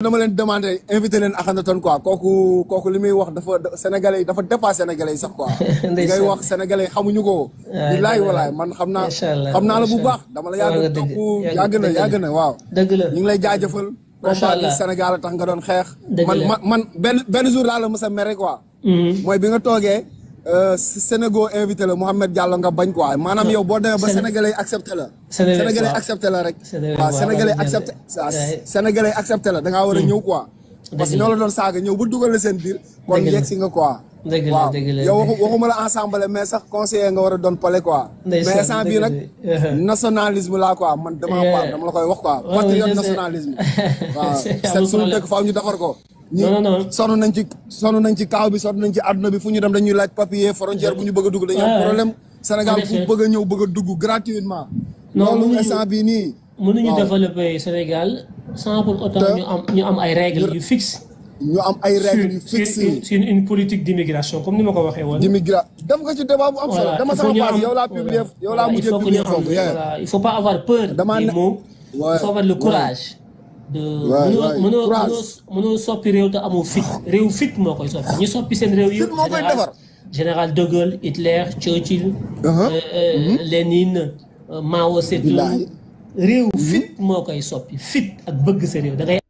dama leen demandé invité a Akhenaton quoi kooku kooku li muy wax dafa sénégalais yi dafa dépassé sénégalais yi sax quoi li ngay wax sénégalais yi xamuñu ko ah, bilaay walaay man xam naa xam naa la bu baax dama la yàgg topp yàgg na na waaw dëgg la ñu ngi lay jaajëfal combat bi Sénégal a tax nga doon xeex man man benn benn jour laa la mës a mere quoi mm-hmm. mooy bi nga toogee Euh, Sénégal invité la Mouhamed Diallo nga bañ quoi maanaam yow boo demee ba sénégalais accepté la. sénégalais accepté la rek. waaw sénégalais accepté war a hmm. ñëw quoi. parce que ñoo la doon saaga ñëw ba dugal seen biir. kon yegg si nga quoi. dëgg la waaw yow waxuma la ensemble mais sax conseiller nga war a doon pale quoi. mais sans bi nag nationalisme laa quoi man dama eh. dama la koy wax quoi. patriote nationalisme. waaw u suñu dëkk faaw ñu defar ko. non non sonn nañ ci sonn nañ ci kaaw bi sonn nañ ci àdduna bi fu ñu dem dañuy laaj papier frontière bu ñu bëgg a dugg dañuy am Sénégal fu bëgg a ñëw bëgg a dugg gratuitement. loolu instant bii nii. mënuñu développer Sénégal sans pour autant ñu am ñu am ay règles yu fixe ñu am ay règles yu fixées sur une politique d'immigration comme ni ma ko waxee woon. d'immigration def nga ci débat bu am solo. dama sama paase yow laa publier yow laa mujjee publier il faut pas avoir peur. damaa ne il faut avoir le courage. de mënoo mënoo mënoo soppi réew te amoo fit ah. réew fit moo koy soppi ñu soppi seen réew yi général de Gaulle Hitler Churchill uh-huh. euh, mm-hmm. euh, Lénine euh, Mao Zedong réew mm-hmm. fit moo koy soppi fit ak bëgg sa réew da ngay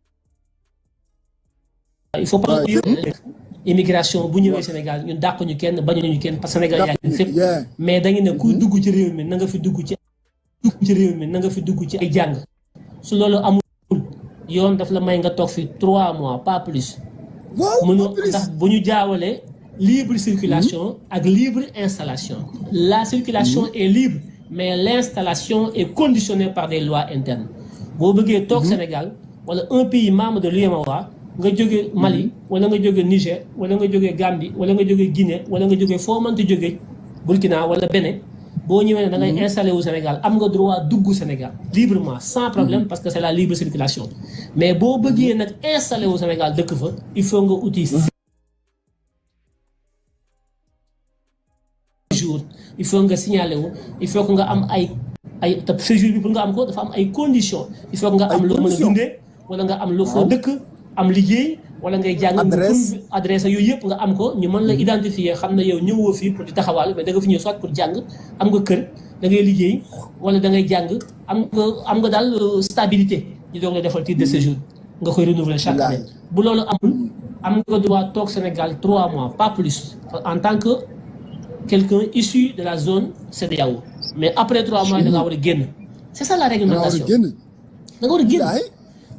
il faut pas mm-hmm. immigration bu ñëwee Sénégal ñun dàq ñu kenn bañu ñu kenn parce que Sénégal yaa ngi fépp mais da ngi ne kuy dugg ci réew mi na nga fi dugg ci réew mi na nga fi dugg ci ay jàng su loolu amul yoon daf la may nga tok fi trois mois pas plus. mënu ndax bu libre circulation hmm. ak libre installation. la circulation hmm. est libre mais l'installation est conditionnée par des lois internes boo bëggee tok hmm. Sénégal wala un pays membre de l'UEMOA nga joggé Mali wala nga joggé Niger wala nga joggé Gambie wala nga joggé Guinée wala nga jóge foo mënti joggé Burkina wala Bénin vous on mhm. installé au Sénégal droit Sénégal librement sans problème mhm. parce que c'est la libre circulation mais si vous nag installé au Sénégal dëkk fa il faut nga vous mhm. il faut nga signaler il faut que am am conditions il faut nga a wala ngay jàng adresse adresse nga am ko ñu mën la mm-hmm. identifier yow pour mais da nga soit pour am nga da ngay wala da ngay am nga euh, stabilité ñu defal de mm-hmm. séjour nga renouveler chaque année bu am Sénégal trois mois pas plus en tant que quelqu'un issu de la zone CEDEAO mais après trois mois da nga war c'est ça la réglementation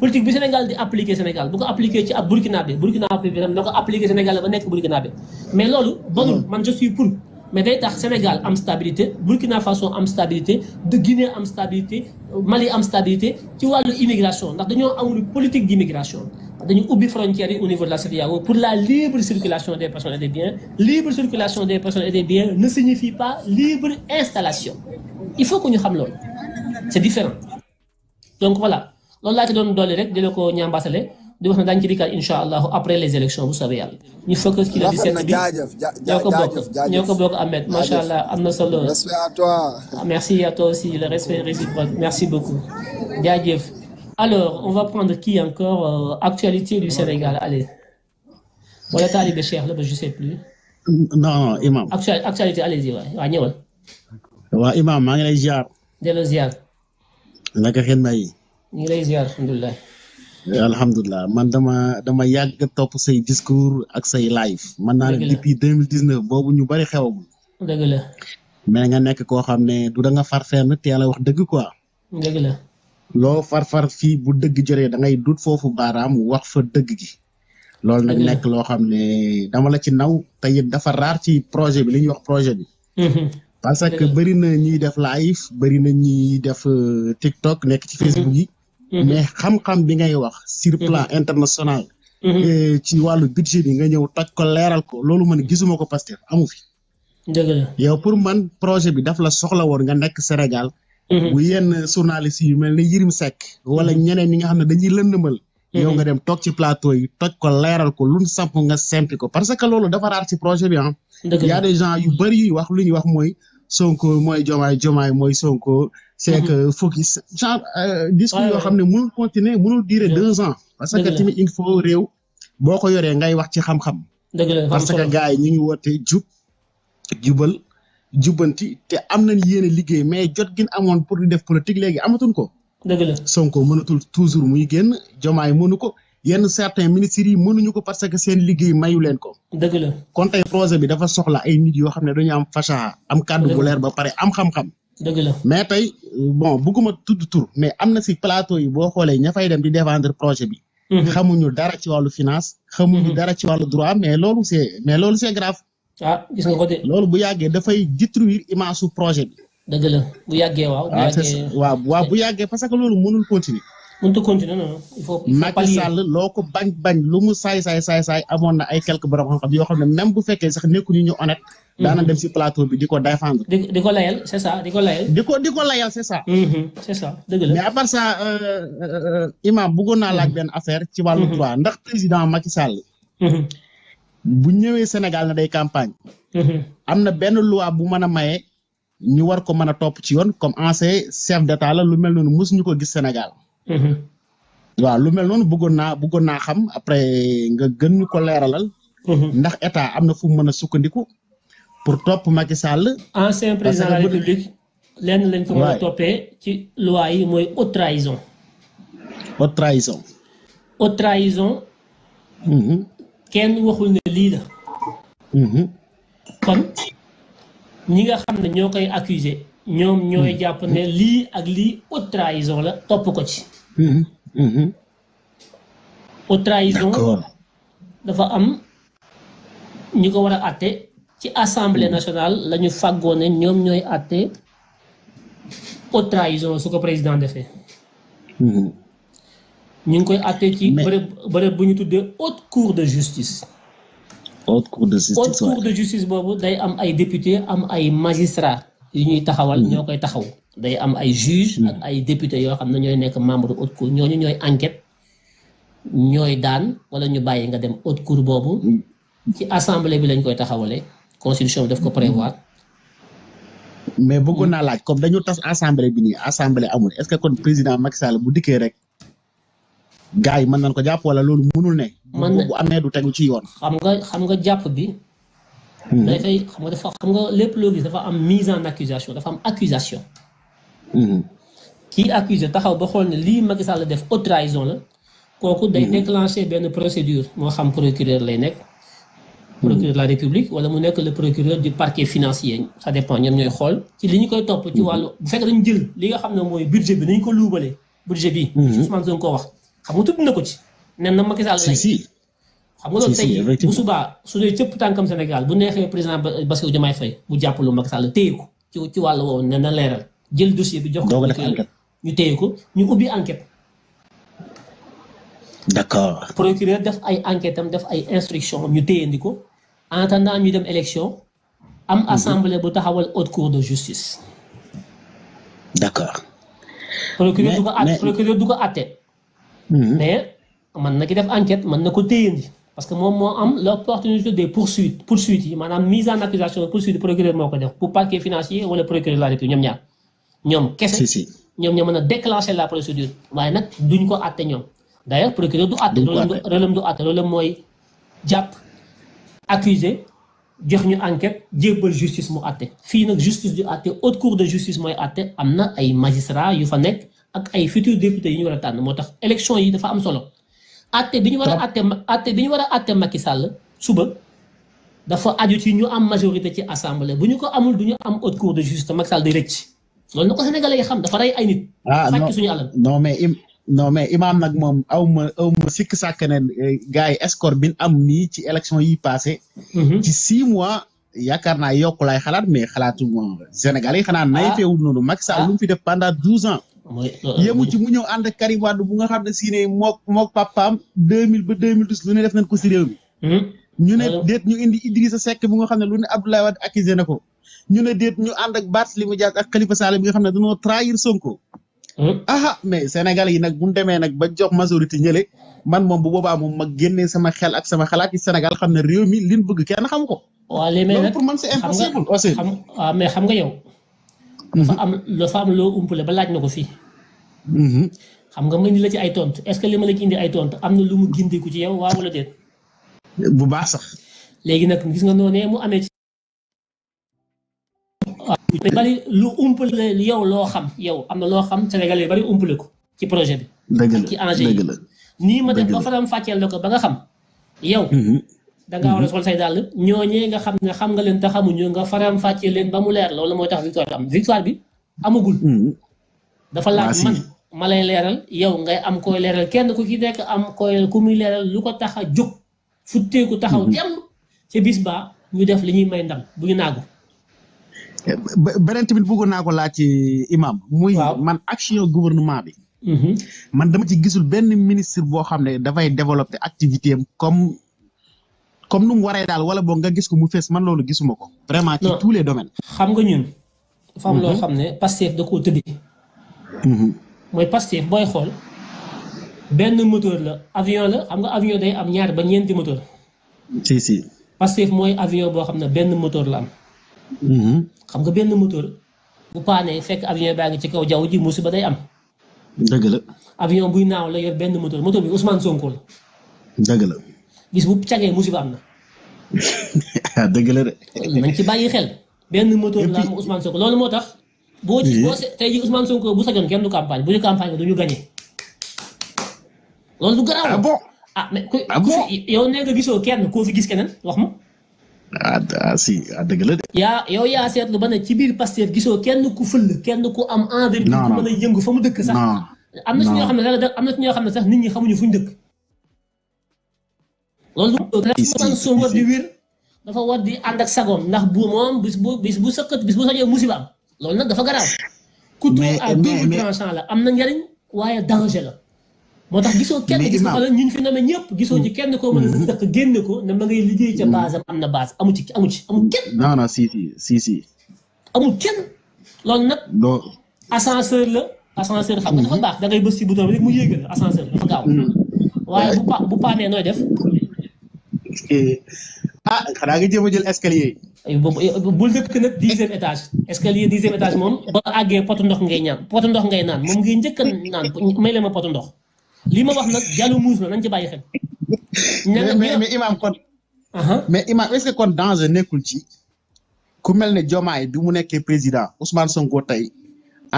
politique du Sénégal di au Sénégal bu ko à ci ab Burkina bi Burkina bi na ko Sénégal ba nekk Burkina mais là, man je suis pour mais day tax Sénégal am stabilité Burkina Faso am stabilité de Guinée am stabilité Mali am stabilité ci wàllu immigration ndax dañoo une politique d'immigration dañu ubbi frontières au niveau de la CEDEAO pour la libre circulation des personnes et des biens libre circulation des personnes et des biens ne signifie pas libre installation il faut qu'on ñu xam c'est différent donc voilà loolu laa ci doon dolli rek di la ko ñaambasale di wax ne daañu ci dikkaat incha après les élections vous savez yàlla ñu focus ci le 17 bi ñoo ko bokk ñoo ko bokk Ahmed macha allah am na solo respect à toi ah, merci à toi aussi le respect réciproque merci beaucoup jaajëf alors on va prendre qui encore euh, actualité du Sénégal allez wala Talibé Cheikh la ba je sais plus. non imam. actualité allez-y waay waa ñëwal. waa imam maa ngi lay ziar. delloo ziar. naka xel may. ñu ngi lay eh, man dama dama yàgg topp say discours ak say live. man mën naa ne depuis deux mille dix neuf boobu ñu bari xew dëgg la. mais nga nekk koo xam ne du da nga far fenn teel a wax dëgg quoi. dëgg la. loo farfar fii bu dëgg joree da ngay dut foofu baaraam wax fa dëgg gi. loolu nag nekk loo xam ne dama la ci naw te it dafa raar ci projet bi li ñuy wax projet bi. Mhm. parce que bëri na ñuy def live bëri na ñuy def euh, TikTok nekk ci Facebook mhm. yi. Mm-hmm. mais xam-xam bi ngay wax sur mm-hmm. plan international mm-hmm. eh, ci wàllu budget bi nga ñëw toj ko leeral ko loolu man gisuma ko Pastef amu fi dëgg yow pour man projet bi daf la soxla woon nga nekk Sénégal bu yenn journaliste yu mel ne Yirim sekk wala ñeneen ñi nga xam ne dañuy lëndëmal yow nga dem toog ci plateau yi toj ko leeral ko luñ samp nga sempi ko parce que loolu dafa raar ci projet bi ah y a des gens yu bëri wax lu ñuy wax mooy Sonko mooy Jomaay Jomaay mooy Sonko c'est mhm. que focus genre discours yoo xam ne mënul continuer mënul durer deux ans parce que tamit il faut réew boo ko yoree ngay wax ci xam-xam parce que gars yi ñu ngi woote jub jubal jubbanti te am nañ yéene liggéey mais jot gin amoon pour di def politique léegi amatuñ ko dëgg Sonko mënatul toujours muy génn jomaay mënu ko yenn certains ministres yi mënuñu ko parce que seen liggéey mayu leen ko. dëgg la kon tey projet bi dafa soxla ay nit yoo xam ne dañu am fasaa am kàddu bu ba pare am xam-xam. dëgg la mais tey bon bugguma tudd tour mais am na si plateau yi boo xoolee ña fay dem di défendre projet bi. Mhm. xamuñu dara ci wàllu finance. xamuñu mhm. dara ci wàllu droit mais loolu c' mais loolu c' est grave. ah loolu bu yàggee dafay détruire image su projet bi. dëgg bu yàggee waaw. bu ah, yàggee waaw bu yàggee parce que loolu mënul continuer. Untuk ta continuer non il faut Macky Sall loo ko bañ bañ lu mu saay saay saay saay amoon na ay quelques borom xam-xam yoo même bu sax ñu honnête mhm. dem si plateau bi di défendre di ko c'est ça di layel layal di layel di layel c'est ça mhm, c'est ça dëgg la mais à part ça euh, euh, euh, imam bëggoon naa laaj mhm. benn affaire ci wàllu droit ndax président Macky Sall bu ñëwee Sénégal na day campagne loi bu mën a ñu war ko mën a ci yoon comme ancien chef d'état la lu mel gis Sénégal Mm-hmm. waaw lu mel noonu bëggoon naa bëggoon naa xam après nga gën ñu ko leeralal. Mm-hmm. ndax état am na fu mu mën a sukkandiku pour topp Macky Sall. ancien président la république lenn lañ ko mën a ci loi yi mooy haute trahison. haute trahison. haute mm-hmm. kenn waxul ne lii la. kon ñi nga xam ne ñoo koy accuser ñoom ñooy hmm. jàpp ne lii ak lii haute trahison la topp ko ci. haute hmm, hmm, trahison dafa am ñi ko war a àtte ci assemblée nationale la ñu fàggoo ne ñoom ñooy àtte haute trahison su ko président defee. ñu ngi koy àtte ci bërëb bu ñu tuddee haute cour de justice. haute cour de justice boobu day am ay député am ay magistrat yu ñuy taxawal mm. ñoo koy taxaw day am ay juge mm. ak ay député yoo xam ne ñooy nekk membre haute cour ñooñu ñooy enquête ñooy daan wala ñu bàyyi nga dem haute cour boobu mm. ci assemblée bi lañ koy taxawale constitution bi daf ko prévoir mais bëggoon naa laaj comme dañu tas assemblée bi nii assemblée amul est que kon président Macky Sall bu dikkee rek gars yi mën nañ ko jàpp wala loolu mënul ne. mën bu amee du tegu ci yoon. xam nga xam nga jàpp bi Mm. dafay xam nga dafa xam nga lépp loo gis dafa am mise en accusation dafa am accusation mm. kii accusé taxaw ba xool ne lii Macky Sall def haute trahison la kooku day mm. déclencher benn procédure moo xam procureur lay nekk procureur de la République wala mu nekk le procureur du parquet financier ça dépend ñoom ñooy xool ci li ñu koy topp ci wàllu bu fekk dañu jël li nga xam ne mooy budget bi nañu ko luubalee budget bi Ousmane Sonko ko wax xam nga tudd na ko ci nen na Macky Sall xam nga loolu tey bu subaa su dee cëpp tànkam Sénégal bu neexee président Bassirou Diomaye Faye mu jàppalu Macky Sall téye ko ci ci wàll woowu ne na leeral jël dossier bi jox ko ñu téye ko ñu ubbi enquête d'accord def ay enquête am def ay instruction ñu téyandi ko en attendant dem élection am mhm. assemblée bu taxawal haute cour de justice d'accord procureur du ko àtte mhm. mais mën na ki def enquête mën na ko téyandi parce que moom moo am l'opportunité de poursuite. Poursuite. yi mise en accusation poursuite procureur moo ko def pour parquet financier le procureur de la République ñoom ñaar ñoom kese ñoom ñoo mën a déclencher la procédure Mais nag duñ ko àtte ñoom d'ailleurs procureur du àtte rôlam du doit rôlam mooy jàpp accusé jox ñu enquête jébbal justice mu àtte fii nag justice du àtte haute cour de justice mooy àtte am na ay magistrats yu fa nekk ak ay futurs députés yu ñu war a tànn moo tax élection yi dafa am solo atte biñu wara war a atte atte bi ñu atte Macky Sall suba dafa aju ci ñu am majorité ci assemblée buñu ko amul duñu am haute cour de justice Macky Sall di rëcc loolu na ko sénégalais yi xam dafa rey ay nit. ah sàcc suñu alal non mais non mais imam nak mom aw ma sik ma sikk sàkk ne eh, gars escort bi am ni ci élection yi passé mhm. ci 6 mois yaakaar naa yokk laay xalaat mais xalaatu Sénégal yi xanaa. ah nañu teewul noonu Macky Sall ah. lu fi def pendant 12 ans. yemu ci mu ñëw ànd ak Karim Wade nga xam ne si mook mook papaam deux mille ba deux mille douze lu ne def nañ ko réew mi hmm? ñu ne déet ñu indi Idrissa Seck bu nga xam ne lu ne Abdoulaye Wade accusé na ko ñu ne déet ak Barthélémy Dias ak bi nga xam ne dañoo trahir Sonko hmm? aha mais Sénégal yi nag bu ñu demee nag ba jox majorité ñële man moom bu boobaa moom ma génnee sama xel ak sama xalaat yi Sénégal xam ne réew mi liñ bëgg kenn xam ko waaw léegi nag pour man c'est impossible aussi xam mais xam nga yow dafa mhm. am dafa am loo umpale ba laaj na ko fii. Mhm. xam nga ma indi la ci ay tontu est-ce que li ma la ci indi ay tontu am na lu mu gindiku ci yow waaw wala déet. bu baax sax. léegi nag gis nga noonee mu amee ci. waaw bari lu umpale yow loo xam yow am na loo xam Sénégalais bari umpale ko ci projet bi. ci enjeu yi nii ma def ba faram fàcceel na ko ba nga xam yow. Mhm. da war a mhm. sol say dàll ñooñee nga xam ne xam nga leen te xamuñu nga faram fàccee leen ba mu leer loolu mooy tax victoire am a bi amagul. Mhm. dafa laaj man ma lay leeral yow ngay am koy leeral kenn ku ci nekk am koy ku muy leeral lu ko tax a jóg futteeku taxaw dem mhm. ca bis ba ñu def li ñuy may ndam bu ñu ba beneen tamit bëggoon naa ko laaj ci imam muy man action gouvernement bi. man dama ci gisul benn ministre boo xam ne dafay développer activité comme nu mu waree daal wala boog nga gis ko mu fees man loolu gisuma ko. vraiment ci tous les domaines. xam nga ñun. dafa loo mhm. xam ne Pastef da koo tëddee. Mhm. mooy Pastef booy xool benn moteur la avion la xam nga avion day am ñaar ba ñeenti moteur. si si. Pastef mooy avion boo xam ne benn moteur la am. Mhm. xam nga benn motoor bu paanee fekk avion baa ngi ci kaw jaww ji ba day am. dëgg la. avion buy naaw la yor benn moteur moteur bi Ousmane Sonko dëgg la. bis bu cagee musiba am na. dëgg la de. nañ ci bàyyi xel. benn moto la am Ousmane Sonko loolu moo tax. boo ci boo tey jii Ousmane Sonko bu sañoon kenn du campagne bu ñu campagne du ñu gagné. loolu du garaaw ah bon ah, ah yow nee nga gisoo kenn koo fi gis keneen wax ma. ah, ah si ah dëgg la de. yaa yow yaa seetlu ba ne ci biir Pastef gisoo kenn ku fël kenn ku am envers. non ku mën a yëngu fa mu dëkk sax. na xam ne am na si ñoo xam ne sax nit ñi xamuñu fu ñu dëkk. loolu Sonko war di wir dafa war di ànd ak sagoom ndax bu moom bis bu bis bu sëkkat bis bu sojee musiba am loolu nag dafa garaaw couteau à double tranchant am na njariñ waaye danger la moo tax gisoo kenn gis nga xam ñun fi name ñëpp gisoo ci kenn ko mën a mm-hmm. sëkk génn ko ne ma ngay liggéey ca mm-hmm. base am am na base amu ci amu ci amul kenn non si si si amul kenn loolu nag ascenseur la ascenseur xam nga dafa mm-hmm. baax da bës ci bouton a rek mu yéegal ascenseur dafa gaaw waaye bu pa bu paanee nooy def ah xanaa nga jéem a jël escalier yi. bul dëkk nag 10e étage escalier 10e étage moom ba àggee potu ndox ngay ñaan potu ndox ngay naan moom ngay njëkk a naan may le ma potu ndox li ma wax nag jàllu muus na nañ ci bàyyi xel. mais mais imaam kon. mais imam est-ce que kon danger nekkul ci ku mel ne Diomaye bi mu nekkee président Ousmane Sonko tey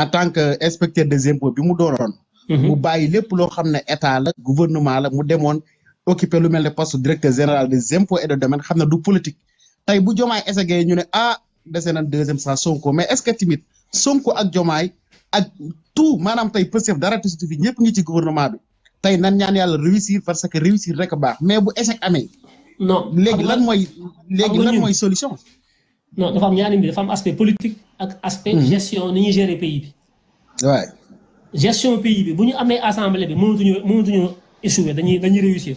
en tant que inspecteur des impôts bi mu doonoon. Mhm. mu bàyyi lépp loo xam ne état la gouvernement la mu demoon occupé le même ne poste directeur général des impôts et de domaine xam ne du politique tay bu jomay essayé ñu né ah déssé na deuxième saa Sonko mais est-ce que timit Sonko ak jomay ak tout manam tay Pastef dara tuuti fi ñepp ngi ci gouvernement bi tay nan ñaan yalla réussir parce que réussir rek baax mais bu échec amé non légui lan moy légui lan moy solution. non dafa am ñaan mbir dafa am aspect politique ak aspect mhm. gestion ni gérer pays bi. waay. gestion pays bi bu ñu amee assemblée bi mënatuñu ñu échouer dañuy dañuy réussir.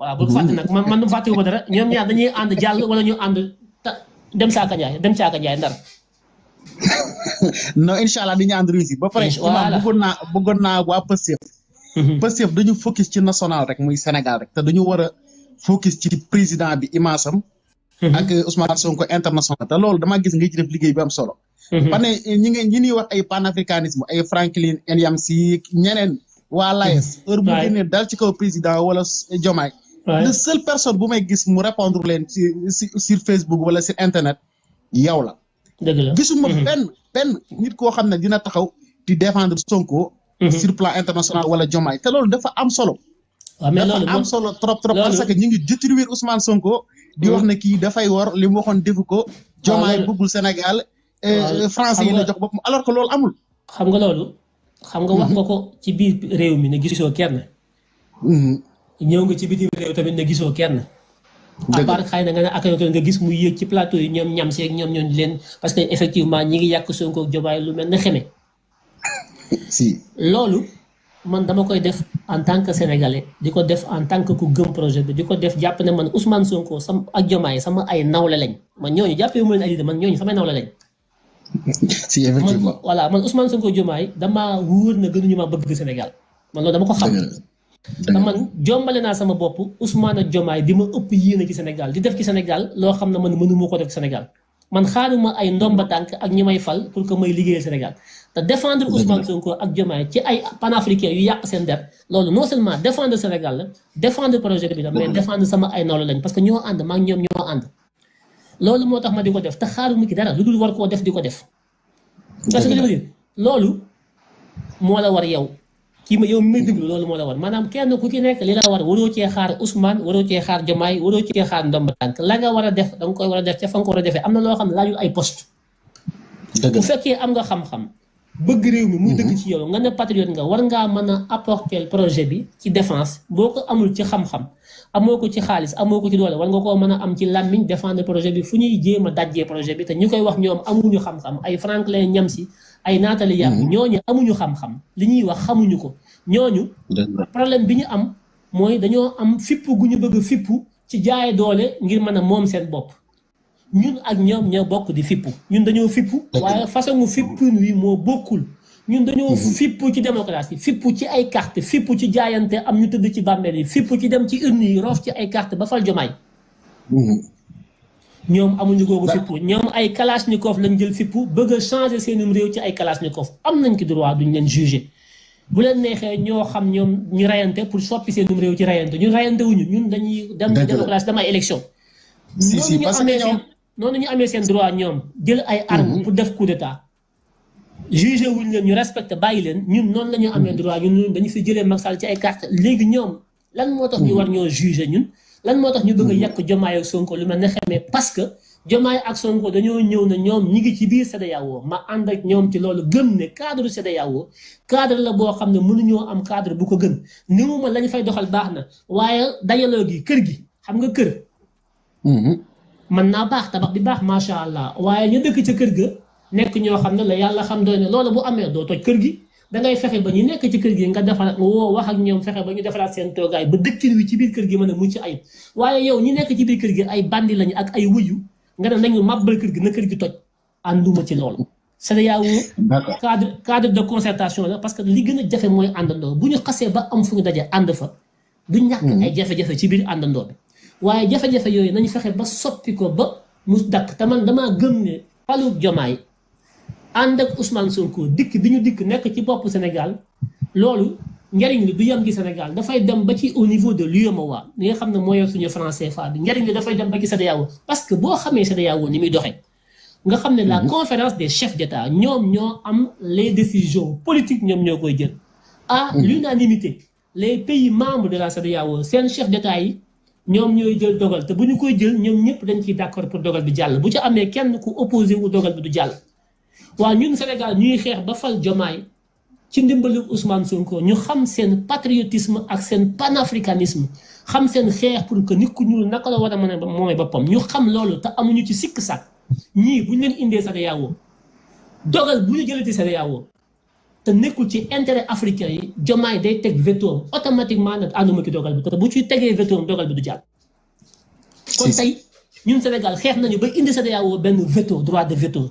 voilà bu fatte nak man man du fàtte wu dara ñom ñaar dañuy and jall wala ñu and dem saaka jaay dem saaka jaay ndar no inshallah di ñaan ànd ba pare imam bu gonna bu gonna wa Pastef mhm. Pastef dañu focus ci national rek muy Sénégal rek te dañu wara focus ci président bi imasam mhm. ak Ousmane Sonko international te loolu dama gis nga ci def liggéey bi am solo mhm. bane ñi nga ñi ni wax ay panafricanisme ay Franklin Nyamsi ñeneen wa Layes heure bu génnee dal ci ko président wala Diomaye la seule personne bu may gis mu répondre leen ci si sur Facebook wala sur internet yow la. dëgg la gisuma mhm. benn benn nit koo xam ne dina taxaw di défendre Sonko. Mhm. sur plan international wala Diomaye te loolu dafa am solo. waaw mais loolu dafa am solo trop trop parce que ñu ngi détruire Ousmane Sonko. di mhm. wax na kii dafa wor li mu waxoon defu ko. Diomaye bëggul Sénégal. français yi la jox boppam alors que loolu amul. xam nga loolu. xam nga wax nga ko ci biir réew mi ne gisoo kenn. ñew nga ci bitim rew tamit na gisoo kenn à part xay na nga ak yoon nga gis mu yéeg iya ci plateau yi ñoom ñam seeg ñoom ñoon leen parce que effectivement ñi ngi yàq ya sonko ak jobaay lu mel ne xeme si loolu man dama koy def en tant que sénégalais e. di ko def en tant que ku gëm projet bi di ko def jàpp ne man Ousmane Sonko sam ak jomaay e, sama ay nawle lañ man ñooñu jàppee mu leen ay man ñooñu sama nawle lañ si effectivement voilà man Ousmane Sonko jomaay e, dama wuur na gënuñu ma bëgg Sénégal man loolu dama ko xam te man jombale naa sama bopp Ousmane ak Diomaye di ma ëpp yéene ci Sénégal di def ci Sénégal loo xam ne man mënu ma ko def Sénégal man xaaruma ay ndomba tànk ak ñi may fal pour que may liggéeyal Sénégal te défendre Ousmane Sonko ak Diomaye ci ay panafricains yu yàq seen der loolu non seulement défendre Sénégal la défendre projet bi la mais défendre sama ay nawle lañ parce que ñoo ànd maa ngi ñoom ñoo ànd loolu moo tax ma di ko def te xaaruma ci dara lu dul war koo def di ko def loolu moo la war yow kii ma yow mi déglu loolu moo la woon maanaam kenn ku ci nekk li la war waroo cee xaar Ousmane waroo cee xaar Diomaye waroo cee xaar ndomb tànk la nga war a def da koy war a def ca fa nga a defee am na loo xam ne laajul fekkee am nga xam bëgg réew mi mu dëgg mhm. ci yow nga ne patriote nga war ngaa mën a apporter projet bi ci défense boo ko amul ci xam-xam amoo ko ci xaalis amoo ko ci doole war nga koo mën a am ci làmmiñ défendre projet bi fu ñuy jéem a projet bi te ñu koy wax ñoom ñu xam-xam ay Franklin Nyamsi ay naatali yàqu mm-hmm. ñooñu amuñu xam-xam li ñuy wax xamuñu ko ñooñu problème bi ñu am mooy dañoo am fippu gu ñu bëgg fippu ci jaay doole ngir mën a moom seen bopp ñun ak ñoom ñoo bokk di fippu ñun dañoo fippu waaye façon fippun wi moo bokkul ñun dañoo mm-hmm. fippu ci démocratie fippu ci ay carte fippu ci jaayante am ñu tëdd ci bàmmeel yi fippu ci dem ci urne yi roof ci ay carte ba fal jomaay mm-hmm. ñoom amuñu googu fippu ñoom ay kalachnikov lañ jël fippu bëgg a changer seenum réew ci ay kalachnikov am nañ ki droit duñ leen jugé bu leen neexee ñoo xam ñoom ñu rayante pour soppi seenum réew ci rayante ñun rayante wuñu ñun dañuy dem démocratie dem ay élection si si parce que noonu ñu amee seen droit ñoom jël ay armes mhm. pour def coup d'état jugé wuñ leen ñu respecté bàyyi leen ñun noonu la ñu amee mhm. droit ñun dañu fi jëlee Macky Sall ci ay carte léegi ñoom lan moo tax ñu mhm. war ñoo jugé ñun lan motax ñu bëgg yak jomay ak Sonko lu mel xamé parce que jomay ak Sonko dañoo ñëw na ñoom ñi ngi ci biir yawo ma ànd ak ñoom ci loolu gëm ne cadre yawo cadre la bo xamné mënu ñoo am cadre bu ko gën ni mu ma lañ fay doxal baxna waye waaye gi kër gi xam nga kër. mën naa baax tabax bi baax macha allah waye ñu dëkk ci kër ga nek ñoo xamné la yàlla xam doone loolu bu amé do toj kër gi. da ngay fexé ba ñu nekk ci kër gi nga defal wo wax ak ñoom fexé ba ñu defaraat seen togaay ba dëkkin wi ci biir kër gi mëna mu ci ayib waaye yow ñu nekk ci biir kër gi ay bandi lañu ak ay wuyu nga ne nañu màbbal kër gi na kër gi toj anduma ci loolu CEDEAO cadre cadre de concertation la parce que li gëna jafé moy andando bu ñu xasse ba am fu ñu daje ànd fa du ñak hmm. ay jafé jafé ci biir andando bi waaye jafé jafé yooyu nañu fexé ba soppi ko ba mu dakk te man dama gëm ne palu jomaay ànd ak Ousmane Sonko dikk bi ñu dikk nekk ci bopp Sénégal loolu njariñ li du yem ci Sénégal dafay dem ba ci au niveau de l'UEMOA li nga xam ne mooy suñu français CFA bi njariñ li dafay dem ba ci CEDEAO parce que boo xamee CEDEAO ni muy doxee nga xam ne la mhm. conférence des chefs d'État ñoom ñoo am les décisions politiques ñoom ñoo koy jël à mhm. l'unanimité les pays membres de la CEDEAO seen chefs d'État yi ñoom ñooy jël dogal te bu ñu koy jël ñoom ñëpp dañ ciy d'accord pour dogal bi jàll bu ci amee kenn ku opposé wu dogal bi du jàll waa ñun Sénégal ñuy xeex ba fal jomaay ci ndimbalu Ousmane Sonko ñu xam seen patriotisme ak seen panafricanisme xam seen xeex pour que nit ku ñuul naka la war a mën a moomee boppam ñu xam loolu te amuñu ci sikk sàkk ñii bu ñu leen indee CEDEAO dogal bu ñu jëlati CEDEAO te nekkul ci intérêt africain yi jomaay day teg veto automatiquement nag ànduma ci dogal bi te bu ci tegee veto dogal bi du jàll. kon tey ñun Sénégal xeex nañu ba indi CEDEAO benn veto droit de veto.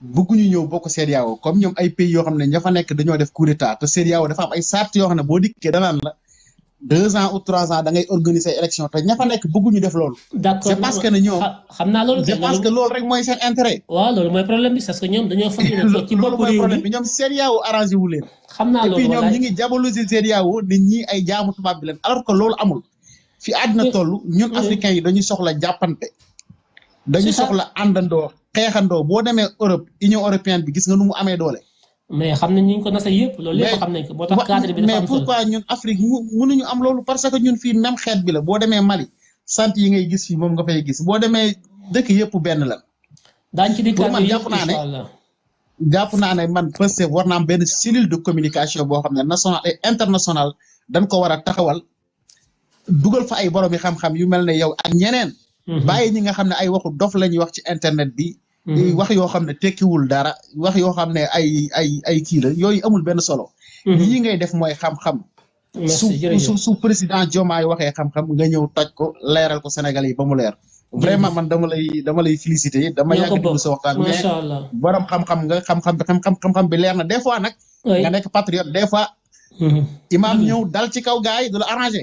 bëgguñu ñëw bokk CEDEAO comme ñoom ay pays yoo xam ne ña fa nekk dañoo def coup d'état te CEDEAO dafa am ay sart yoo xam ne boo dikkee danaan la deux ans ou trois ans da ngay organiser élection te ña fa def loolu. c'est parce que ne ñoom. naa c'est parce que loolu rek mooy seen intérêt. waaw loolu mooy problème bi parce que ñoom dañoo fas yéene toog bi ñoom CEDEAO arrangé wu leen. xam naa loolu et puis ñoom ñi ngi diaboliser CEDEAO nit ñi ay jaamu tubaab bi leen amul. fi àddina toll ñun africains yi dañu soxla jàppante dañu soxla àndandoo xeexandoo boo demee Europe Union européenne bi gis nga nu mu amee doole. mais xam nañ ñu ko nasa yëpp. loolu yëpp xam ko moo tax cadre bi mais pourquoi ñun Afrique mu mënuñu am loolu parce que ñun fii nam xeet bi la boo demee Mali sant yi ngay gis fii moom nga fay gis boo demee dëkk yëpp benn la. daañu ci dikkaat man jàpp naa ne jàpp naa ne man Pastef war naa am benn cellule de communication boo xam ne national et international dañ ko war a taxawal dugal fa ay borom yi xam-xam yu mel ne yow ak ñeneen. Mhm. bàyyi ñi nga xam ne ay waxu dof la ñuy wax ci internet bi. Mhm. wax yoo xam ne tekkiwul dara wax yoo xam ne ay ay ay kii la yooyu amul benn solo. yii mhm. ngay def mooy xam-xam. su su président Diomaye waxee xam-xam nga ñëw toj ko leeral ko Sénégal yi ba mu leer. vraiment man dama lay dama lay féliciter dama yàgg déglu sa waxtaan mais borom xam-xam nga xam-xam bi xam-xam bi leer na des fois nag. nga nekk patriote des i imaam ñëw daal ci kaw gars yi du la arrangé.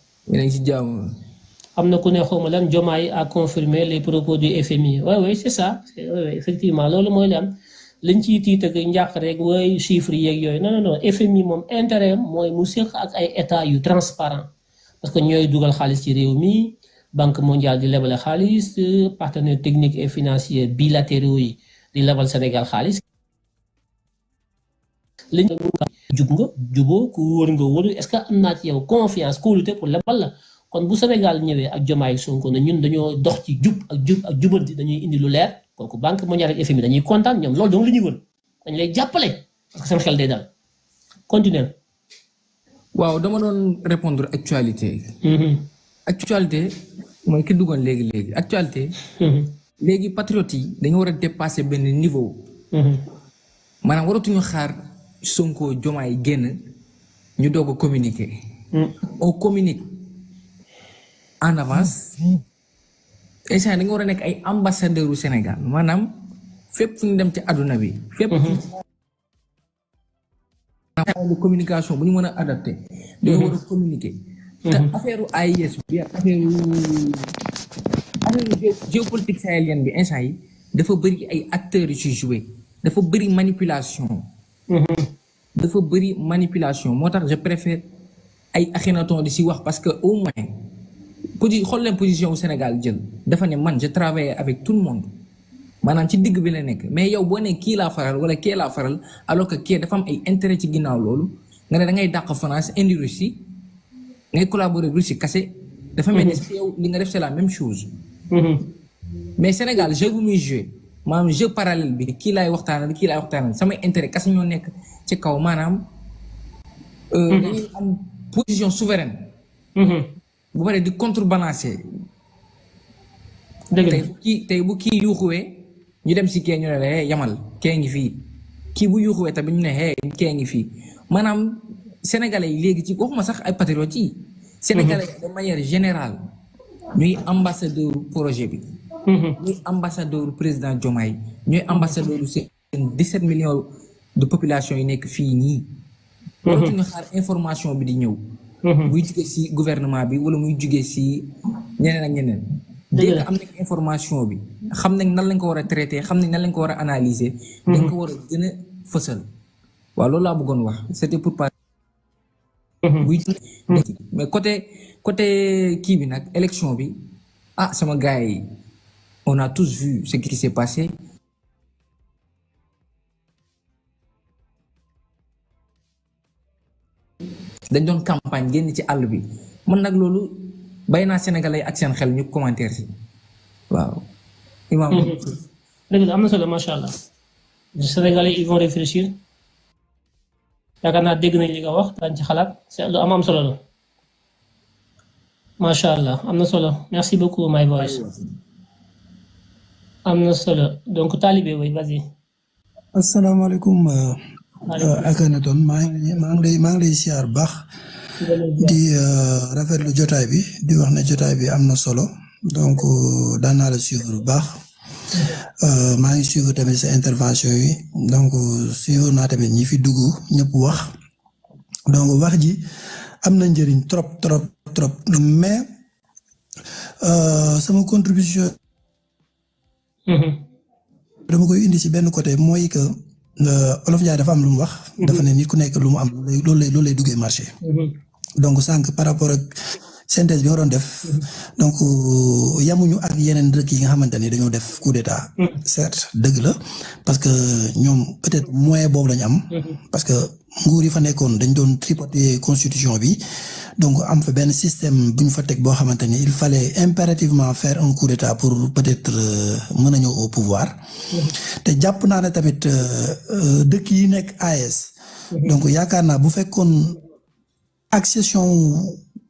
yéen a ngi ku ne a confirmé les propos du FMI oui oui c'est ça effectivement loolu moy lan lañ ciy tiit ak njàq rek mooy chiffres yeeg non non non FMI mom intérêt moy mu séq ak ay état yu transparent parce que ñoy dougal xaliss ci réew mi banque mondiale di lebale xaliss partenaires techniques et financiers bilatéraux yi di lebal Sénégal xaliss li ñu jub nga juboo ku wóor nga wóor est-ce que am naa ci yow confiance kóolute pour lebal la kon bu Sénégal ñëwee ak Jomaay Sonko ne ñun dañoo dox ci jub ak jub ak jubanti dañuy indi lu leer kooku banque moo ak FMI dañuy kontaan ñoom loolu donc li dañ lay jàppale parce que daal continuer waaw dama doon répondre actualité mm-hmm. actualité mooy ki duggoon léegi léegi actualité mm-hmm. léegi patriotes yi dañu war a dépasser benn niveau mm-hmm. maanaam waratuñu xaar Sonko Jomaay génn ñu doog a communiquer. Mm. on communique en avance. instant da nga war a nekk ay ambassadeur u Sénégal maanaam fépp fu ñu dem ci àdduna bi. fépp ci mm-hmm. communication bu ñu mën a adapté. dañu mm-hmm. war a communiquer. te mm-hmm. affaire AIS bi ak affaire affaire géopolitique bi instant yi dafa bëri ay acteurs yu ci joué dafa bëri manipulation. dafa bëri manipulation moo je préfère ay Akhenaton di si wax parce que au moins posi xool leen position au Sénégal jël dafa ne man je travaille avec tout le monde maanaam ci digg bi la nekk mais yow boo ne kii laa faral wala kee laa faral alors que kee dafa am ay intérêt ci ginnaaw loolu nga ne da ngay dàq France indi Russie ngay collaborer Russie kase dafa mel ni mhm. yow li nga def c'est la même chose mhm. mais Sénégal je vous muy jouer maanaam je parallèle bi kii laay waxtaanal kii laay waxtaanal samay intérêt ñoo nekk ci kaw euh, mhm. am position souveraine. Mhm. bu contrebalancer. ñu dem si yamal ñu sénégalais ci waxuma sax ay mhm. sénégalais de manière générale ñuy ambassadeur projet Mm-hmm. ñuy ambassadeur président Diomaye ñooy ambassadeur seen 17 millions de population yi nekk fii ñii waratuñu mm-hmm. xaar information bi di ñëw buy mm-hmm. jugee si gouvernement bi wala muy jugee si ñeneen ak ñeneen dégg am nañ information bi xam nañ nan lañ ko war a traité xam nañ nan lañ ko war a analyser dañ ko war a gën a fësal waaw loolu laa bëggoon wax c'était pour pas buy côté côté kii bi nag élection bi ah sama gars yi On a tous vu ce qui s'est passé. dañ doon campagne génn ci àll bi man nag loolu bay naa sénégalais ak seen xel ñu commentaire si waaw. imam hmm. dëgg la am na solo macha allah. sénégalais ils vont réfléchir yaakaar naa dégg nañ li nga wax daañu ci xalaat c'est lu am am solo la macha allah am na solo merci beaucoup my voice. am na solo donc taalibe way vas-y. Euh, euh, maa ngi maa ngi lay maa ngi lay siyaar baax. di euh, rafetlu jotaay bi di wax na jotaay bi am na solo donc daan naa la suivre bu baax. Mm-hmm. maa ngi suivre tamit sa intervention yi donc suivre naa tamit ñi fi dugg ñëpp wax donc wax ji am na njëriñ trop trop trop mais sama contribution. Mm-hmm. dama koy indi ci benn côté mooy que euh, Olof Ndiaye dafa am lu mu wax. Mm-hmm. dafa ne nit ku nekk lu mu am loolu lay loolu lay duggee marché. Mm-hmm. donc sànq par rapport synthèse bi waroon def donc euh, yamuñu ak yeneen dëkk yi nga xamante ni dañoo def coup d'état certes dëgg la parce que ñoom peut-être moyen boobu lañu am parce que nguur yi fa nekkoon dañ doon tripoter constitution bi donc am fa benn système bu ñu fa teg boo xamante ni il fallait impérativement faire un coup d'état pour peut-être euh, mën a ñëw au pouvoir te jàpp naa ne tamit euh, dëkk yi nekk AES mhm. donc yaakaar naa bu fekkoon accession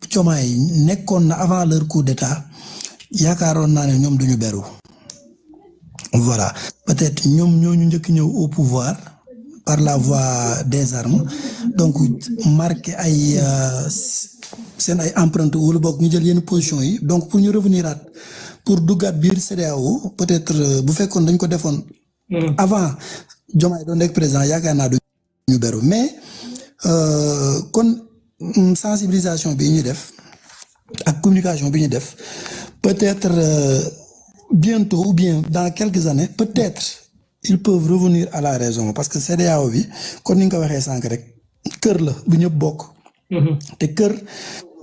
Diomaye yi na avant leur coup d'état yakaron na ñom duñu bëru voilà peut-être ñom ñoo ñu njëkk ñëw au pouvoir par la voie des armes donc marqué ay euh, sen ay empreinte wala bok ñu jël yenn position yi donc pour ñu revenir at pour duggaat bir cdao peut-être euh, bu fekkoon dañ ko defoon mm. avant Diomaye do nek président yaakaar naa duñu bëru mais euh kon sensibilisation bi communication peut-être euh, bientôt ou bien dans quelques années peut-être ils peuvent revenir à la raison parce que c'est bi kon ni nga waxé sank rek kër la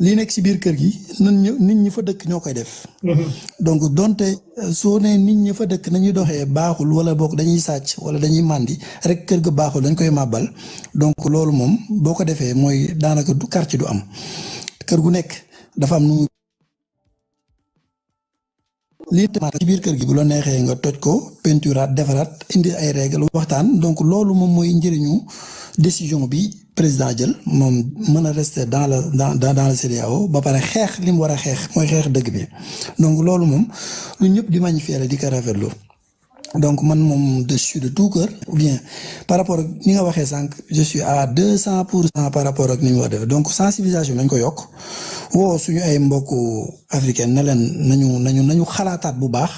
lii nekk ci biir kër gi nan nit ñi fa dëkk ñoo koy def. Mm-hmm. donc donte euh, soo nee nit ñi fa dëkk nañuy doxee baaxul wala boog dañuy sàcc wala dañuy màndi rek kër ga baaxul dañ koy màbbal donc loolu moom boo ko defee mooy daanaka du quartier du am kër gu nekk dafa am nu lii tamaate ci biir kër gi bu la neexee nga toj ko peinturaat defaraat indi ay règle waxtaan donc loolu moom mooy njëriñu décision bi président jël moom mën a rester dans la dans dans la CEDEAO ba pare xeex li mu war a xeex mooy xeex dëgg bi donc loolu moom lu ñëpp di magnifier di ko rafetlu donc man mom dessus de tout cœur ou bien par rapport ak ni nga waxee sank je suis à 200% par rapport ak ni nga wax def donc sensibilisation nañ ko yok wo suñu ay mbokk africaine ne leen nañu nañu nañu xalaataat bu baax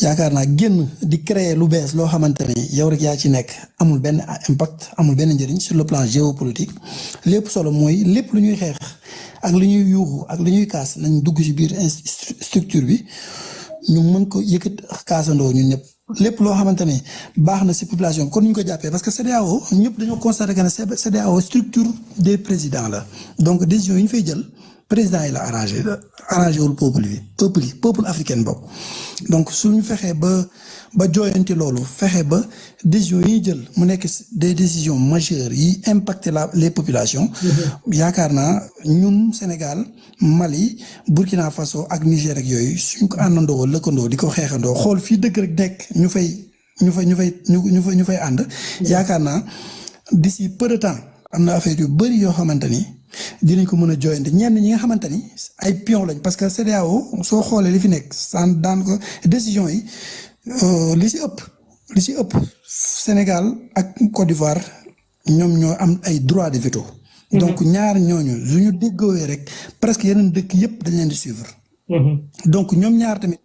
yaakaar naa génn di créer lu bees loo xamante ne yow rek yaa ci nekk amul benn impact amul benn njëriñ sur le plan géopolitique lépp solo mooy lépp lu ñuy xeex ak lu ñuy yuuxu ak lu ñuy kaas nañ dugg ci biir structure bi ñu mën ko yëkkat kaasandoo ñun ñëpp lepp loo xamante ne baax na ci population kon ñu ko jàppee parce que CDAO ñëpp dañoo constaté que ne CEDEAO structure des présidents la donc décision yi ñu fay jël président il a arrangé arrangé le peuple peuple peuple africain bon. donc suñu fexee ba ba jooyanti loolu fexe ba décision yi jël mu des décisions majeures yi impacté la les populations mm-hmm. yaakaar naa ñun Sénégal Mali Burkina Faso ak Niger ak yooyu suñ ko àndandoo lëkkandoo di ko xeexandoo xool fii dëkk rek nous faisons nous faisons fay ñu fay ñu mm-hmm. d'ici peu de temps on na affaire yu bari au xamante dinañ ko mën a joyante ñenn ñi nga xamante ni ay pion lañ parce que CEDEAO soo xoolee li fi nekk san daan ko décision yi euh, li si ëpp li si ëpp Sénégal ak Côte d'Ivoire ñoom ñoo am ay droit de veto. Mhm. donc ñaar ñooñu lu ñu déggoowee rek presque yeneen dëkk yëpp dañ leen di suivre. Mhm. donc ñoom ñaar tamit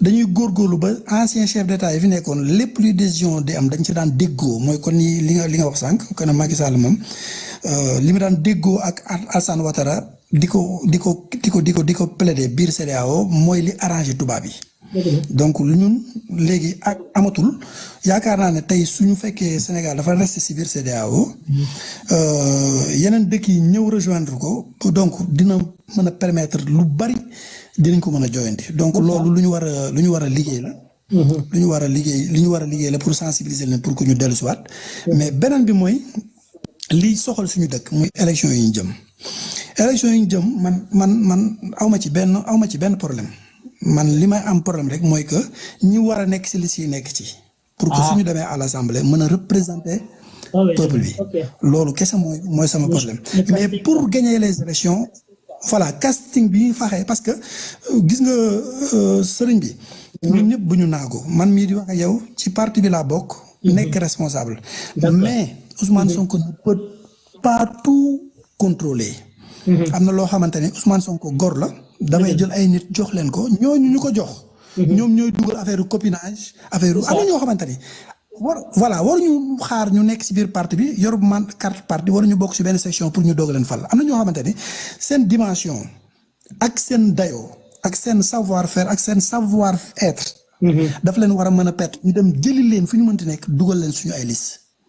dañuy góorgóorlu ba ancien chef de état yi fi nekkoon lépp luy décision di am dañ ci daan déggoo mooy kon ni li nga li nga wax sànq kon Macky Sall moom euh, li ma daan déggoo ak Alassane Ouattara di ko di ko di ko di ko di ko plaider biir CEDEAO mooy li arrangé tubaab yi. donc lu ñun léegi ak amatul yaakaar naa ne tey su ñu fekkee Sénégal dafa reste si biir CEDEAO euh, yeneen dëkk yi ñëw rejoindre ko donc dina mën a permettre lu bari dinañ ko mën a joyanti donc loolu lu ñu war a lu ñu war a liggéey la mm-hmm. lu ñu war a liggéey lu ñu war a liggéey la pour sensibiliser leen pour que ñu dellu si waat mm-hmm. mais beneen bi mooy lii soxal suñu dëkk muy élection yi ñu jëm élection yi ñu jëm man man man awma ci benn awma ci benn problème man li may am problème rek moy que ñi wara nek ci li ci nek ci. pour que ah. suñu démé à l'assemblée mëna représenter. Ah peuple bi loolu kese moy mooy sama problème. mais pour gagner les élections voilà casting bi faxee parce que euh, gis nga euh, sëriñ bi. Mhm. ñun ñep buñu ñu man mi di wax yow ci parti bi la bok mhm. nek responsable. mais Ousmane mhm. Sonko ne peut pas tout contrôler. Mhm. am nous loo Ousmane Sonko gor la. Mhm. jël ay nit jox ko ñooñu jox. Mhm. copinage affaire am na ñoo xamante ne. war voilà Nous xaar ñu nekk ci biir parti bi yor man carte parti waruñu bokk ci benn section pour ñu fal dimension ak savoir faire ak savoir être. daf leen Nous ñu dem leen ñu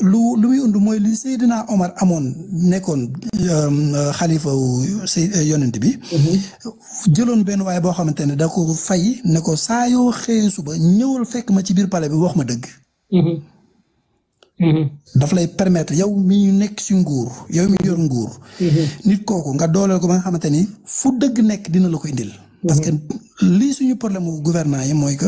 lu lu muy und mooy li Seydina Omar amoon nekkoon euh, xalifa euh, yonent bi mhm. jëloon benn waaye boo xamante ne da ko fay ne ko saa yoo xëyee suba ñëwal fekk ma ci biir pale bi wax ma dëgg mhm. Mhm. daf lay permettre yow mi ñu nekk ci nguur yow mi yor nguur nit kooku nga dooleel ko ba nga xamante ni fu dëgg nekk dina la ko indil parce que lii suñu problème gu gouvernement yi mooy que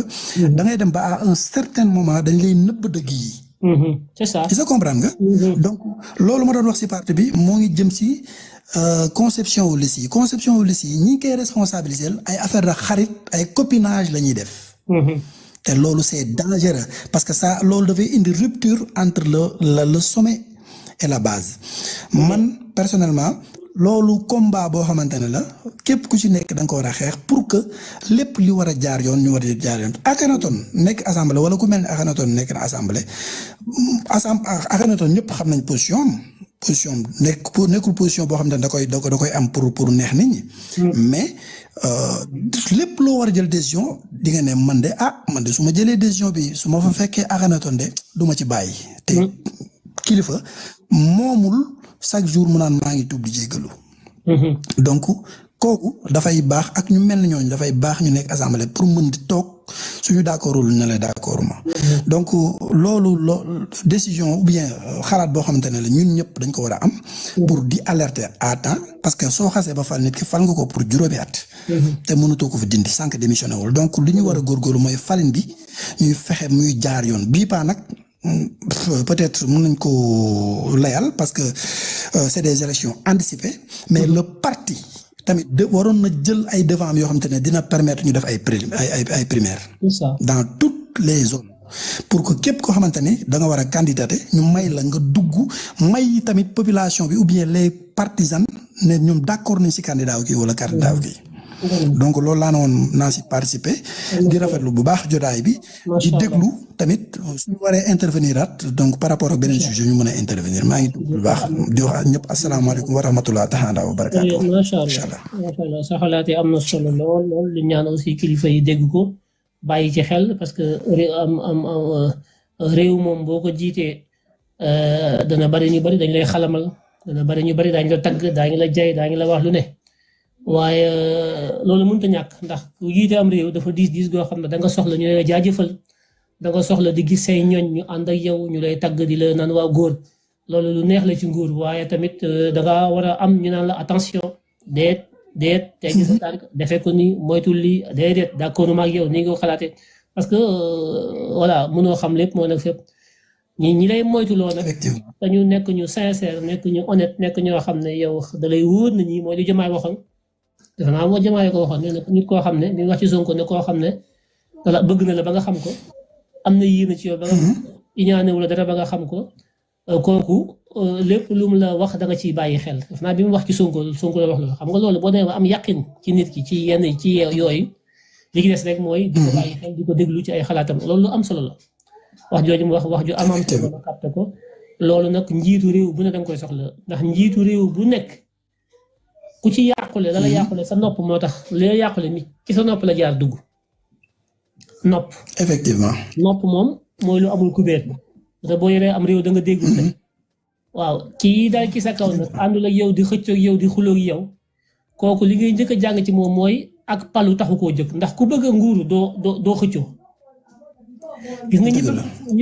da ngay dem ba à un certain moment dañ lay nëbb dëgg yi Mm-hmm. c'est ça c'est ça comprendre nga. Hein? Mm-hmm. donc ce que je wax dire, c'est bi je ngi jëm euh, conception ou liste si conception ou ni yi ñi koy responsabiliser ay de la et ay copinage la ñuy def. Mm-hmm. c'est dangereux parce que ça loolu devait une rupture entre le le sommet et la base. Moi personnellement loolu combat boo xamante ne la képp ku ci nekk da nga ko war a xeex pour que lépp li war a jaar yoon ñu war a jaar yoon Akhenaton nekk assemblée wala ku mel ne Akhenaton nekk na assemblée assemb Akhenaton ñëpp xam nañ position am position nekk pour nekkul position boo xam ne da koy da koy am pour pour neex ni ñi. Mm. mais euh, lépp loo war a jël décision di nga ne man de ah man de su ma jëlee décision bi su ma fa fekkee Akhenaton de duma ci bàyyi. te mm. kilifa moomul. chaque jour mu naan maa ngi tuub di jéggalu. Mhm. donc da fay bax ak ñu mel ni da fay bax ñu nek assemblée pour mën di toog suñu d'accordul ne la d'accord ma. Mhm. donc lolu décision ou bien euh, xalaat bo xamantene la ñun ñëpp dañ ko wara am. Mhm. pour di alerter à temps parce que so xasse ba fal nit ki fal nga ko pour juróomi at. te mënatoo ko fi dindi sank démissioné wul donc li ñu wara a góorgóorlu mooy falin bi ñuy fexé muy jaar yoon bi pa nak peut-être mën nañ ko layal parce que euh, c'est des élections anticipées mais mm-hmm. le parti tamit de waroon na jël ay devant yo xamantene dina permettre ñu def ay primaires dans toutes les zones pour que képp ko xamantene ne da nga wara candidater ñu may la nga dugg may tamit population bi ou bien les partisans ne ñom d'accord ni ci candidat ou wala candidat donc loolu laa noonu naa si participer di rafetlu bu baax jotaay bi di déglu tamit suñu waree intervenir at donc par rapport au beneen sujet ñu mën a intervenir maa ngi tudd bu baax di wax ñëpp asalaamaaleykum wa rahmatulah taala wa barakaatu macha allah macha allah sa xalaat yi am na solo li ñaan aussi kilifa yi dégg ko bàyyi ci xel parce que am am euh, réew moom boo ko jiitee euh, dana bari ñu bari dañ lay xalamal dana bari ñu bari dañ la tagg dañ la jey dañ la wax lu ne waaye uh, loolu mënut a ñàkk ndax ku jiite am réew dafa diis diis goo xam ne da nga soxla ñu lay jaajëfal da soxla di gis say ñoñ ñu ànd ak yow ñu lay tagg di la naan waa góor loolu lu neex la ci nguur waaye tamit uh, da war a am ñu naan la attention déet déet tey a tànk defee ko nii moytul lii déedéet d'accord ma ak yow nii nga ko xalaatee parce que uh, voilà mënoo xam lépp moo nag fépp ñi ñi lay moytuloo nag dañu nekk ñu sincère nekk ñu honnête nekk ñoo xam ne yow da lay na ñi mooy lu jëmaay dafa naa moo jëmaale ko waxoon nee na nit koo xam ne mi wax ci Sonko ne koo xam ne dala bëgg na la ba nga xam ko am na yéene ci yow ba nga mm-hmm. iñaanewu dara ba nga xam ko euh, kooku euh, lépp lu mu la wax da ciy bàyyi xel dafa naa bi mu wax ci Sonko Sonko wax loolu xam nga loolu boo demee ba am yàqin ci nit ki ci yenn ci yooyu li ci des rek mooy di ko ko déglu ci ay xalaatam loolu lu am solo la wax jooju mu wax wax ju am am solo la ko loolu nag njiitu réew bu ne danga koy soxla ndax njiitu réew bu nekk ku ci yàqule la la mhm. yàqule sa nopp moo tax li la yàqule ni ci sa nopp la jaar dugg nopp effectivement nopp moom mooy lu amul kubéer te boo yoree am réew da nga déglu mhm. ne waaw ci sa kaw nag àndul ak yow di xëccoog yow di xuloog yow kooku li ngay jàng ci moom mooy ak palu taxu koo jëkk ndax ku bëgg a nguuru doo doo doo xëccoo gis nga ñi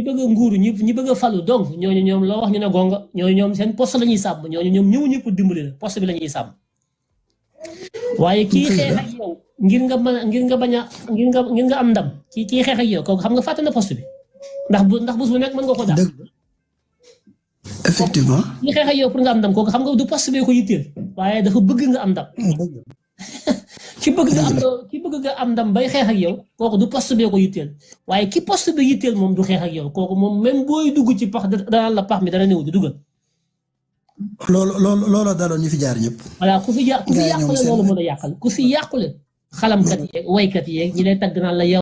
bëgg ñi a nguuru ñi ñi ñoom loo wax ñu ne gonga ñooñu ñoom seen poste la sàmm ñooñu ñoom ñëw ñëpp dimbali la poste bi la ñuy sàmm waaye kii xeex ak ngir nga mën ngir nga bañ a ngir nga am ndam kii kii xeex ak kooku xam nga fàtte post bi ndax bu ndax bés bu nekk mën nga ko daal. effectivement kii xeex ak yow nga am ndam kooku xam nga du poste bee ko yitteel waaye dafa bëgg nga am ndam. ki bëgg nga am ki bëgg am ndam bay xeex ak yow kooku du poste bee ko yitteel waaye ki poste bi yitteel moom du xeex ak yow kooku moom même booy dugg ci pax danaan la pax mi dana néew di dugal. loolu loolu loolu daloon ñu fi jaar ñëpp. voilà ku fi ja ku fi yàqule loolu moo la yàqal ku fi yàqule. xalamkat yeeg waykat yeeg ñi lay tagg naan la yow.